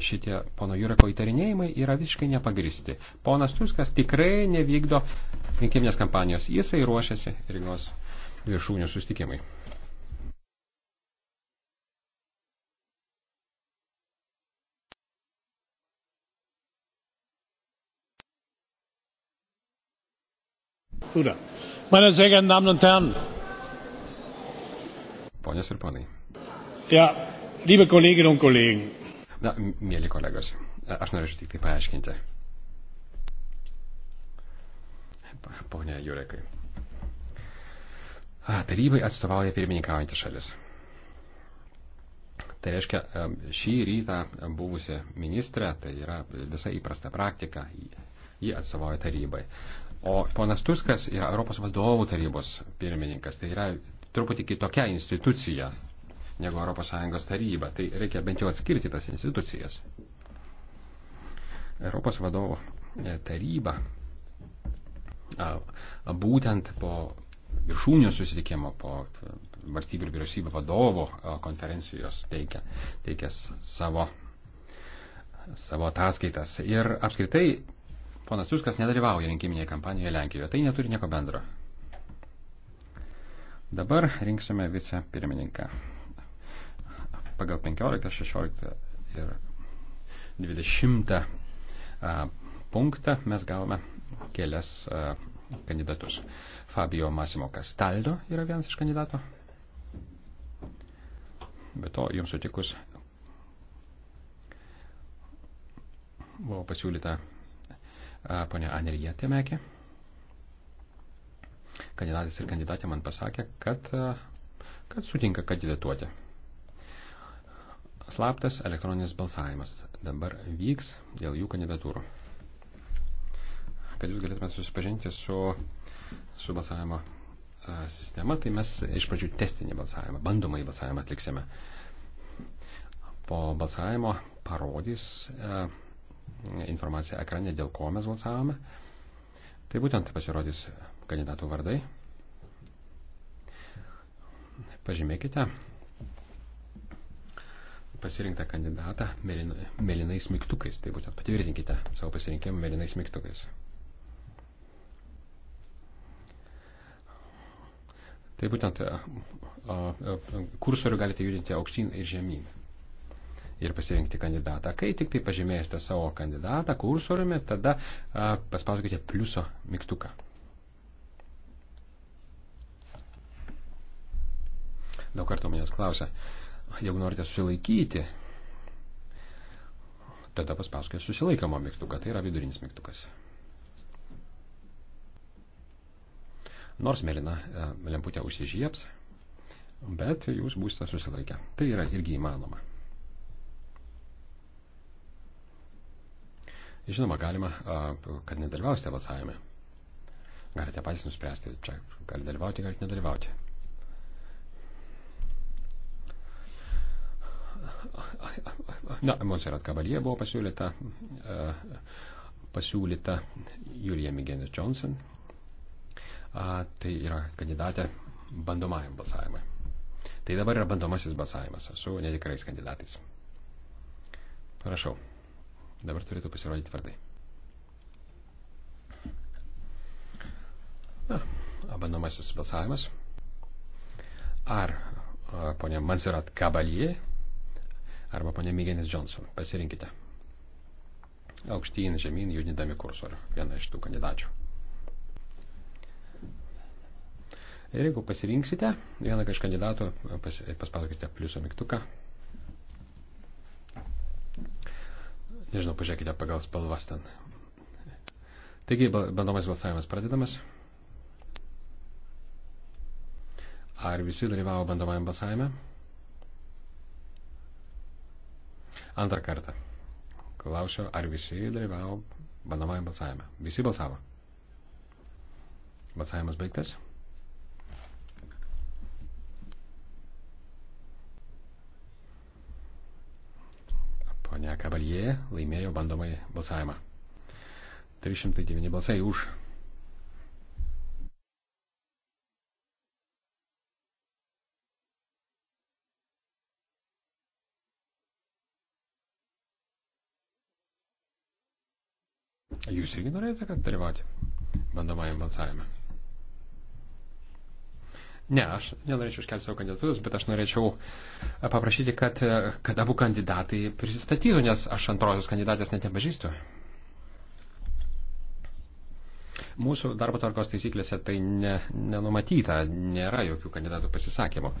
šitie pono Jureko įtarinėjimai yra visiškai nepagristi. Ponas Tuskas tikrai nevykdo rinkiminės kampanijos. Jisai ruošiasi Rygos viršūnių sustikimai. Meine sehr geehrten Damen und Herren, Ponios ir ponai. Ja, liebe Kolleginnen und Kollegen, Na, mėly kolegos, aš norėčiau tik tai paaiškinti. Pone Jurekai. Tarybai atstovauja pirmininkaujantį šalis. Tai reiškia, šį rytą buvusi ministrė, tai yra visa įprasta praktika, ji atstovauja tarybai. O ponas Tuskas yra Europos vadovų tarybos pirmininkas, tai yra truputį kitokia institucija negu ES taryba. Tai reikia bent jau atskirti tas institucijas. Europos vadovo e, taryba būtent po viršūnių susitikimo, po valstybių ir vyriausybių vadovo konferencijos teikia, teikia savo, savo ataskaitas. Ir apskritai ponas Juskas nedalyvauja rinkiminėje kampanijoje Lenkijoje. Tai neturi nieko bendro. Dabar rinksime vicepirmininką pagal 15, 16 ir 20 punktą mes gavome kelias kandidatus. Fabio Masimo Castaldo yra vienas iš kandidatų. Be to, jums sutikus buvo pasiūlyta ponia Anerietė Mekė. Kandidatas ir kandidatė man pasakė, kad, kad sutinka kandidatuoti. Slaptas elektroninis balsavimas dabar vyks dėl jų kandidatūrų. Kad jūs galėtumėte susipažinti su, su balsavimo a, e, sistema, tai mes iš pradžių testinį balsavimą, bandomąjį balsavimą atliksime. Po balsavimo parodys a, e, informacija ekrane, dėl ko mes balsavome. Tai būtent pasirodys kandidatų vardai. Pažymėkite pasirinktą kandidatą mėlynais mygtukais. Tai būtent patvirtinkite savo pasirinkimą mėlynais mygtukais. Tai būtent kursorių galite judinti aukštyn ir žemyn ir pasirinkti kandidatą. Kai tik tai pažymėsite savo kandidatą kursoriumi, tada paspauskite pliuso mygtuką. Daug kartų manęs klausia, Jeigu norite susilaikyti, tada paspauskite susilaikamo mygtuką, tai yra vidurinis mygtukas. Nors melina e, lemputė užsižieps, bet jūs būsite susilaikę. Tai yra irgi įmanoma. Žinoma, galima, e, kad nedalyvausite balsavime. Galite patys nuspręsti, čia gali dalyvauti, galite nedalyvauti. Na, Monserrat Kabalie buvo pasiūlyta, e, pasiūlyta Julija Migenis Johnson. Tai yra kandidatė bandomajam balsavimui. Tai dabar yra bandomasis balsavimas su netikrais kandidatais. Prašau. Dabar turėtų pasirodyti vardai. Na, bandomasis balsavimas. Ar ponia Manserat Kabalie arba ponė Migenis Johnson. Pasirinkite. Aukštyn, žemyn, judindami kursorių. Viena iš tų kandidačių. Ir jeigu pasirinksite vieną iš kandidatų, pas, paspaukite pliuso mygtuką. Nežinau, pažiūrėkite pagal spalvas ten. Taigi, bandomas balsavimas pradedamas. Ar visi dalyvavo bandomajam balsavime? Antrą kartą. Klausiau, ar visi dalyvavo bandomajam balsavime. Visi balsavo. Balsavimas baigtas. Pone Kabaljė laimėjo bandomąjį balsavimą. 309 balsai už. Jūs irgi norėjote, kad dalyvauti bandomajame balsavime? Ne, aš nenorėčiau iškelti savo kandidatus, bet aš norėčiau e, paprašyti, kad, e, kad abu kandidatai prisistatytų, nes aš antrosios kandidatės net nepažįstu. Mūsų darbo tvarkos taisyklėse tai ne, nenumatyta, nėra jokių kandidatų pasisakymų.